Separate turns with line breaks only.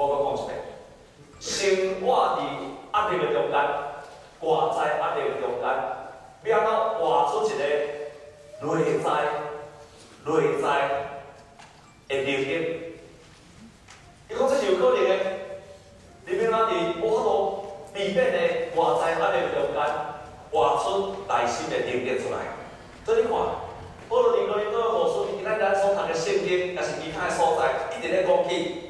我再講一遍，生活佇壓力的中間，外在壓力的中間，要到活出一個內在、內在的連接。伊講這是有可能嘅，你變到佇有好多秘密嘅外在壓力的，的中間，活出內心的連接出來。所以你看，不論你講你講我所今仔日所談嘅聖經，也是其他嘅所在，一直咧講起。